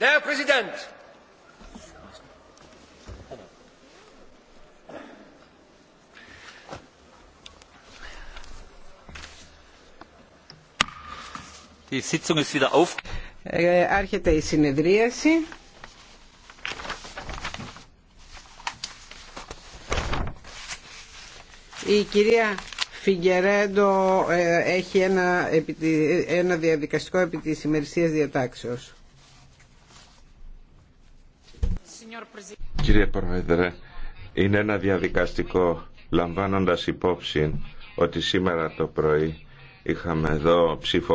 Der Präsident! Die Sitzung ist wieder auf. Ε, άρχεται η συνεδρίαση. Η κυρία Φιγκερέντο ε, έχει ένα, ένα διαδικαστικό επί της ημερησίας διατάξεως. Κύριε Πρόεδρε, είναι ένα διαδικαστικό λαμβάνοντας υπόψη ότι σήμερα το πρωί είχαμε εδώ ψήφο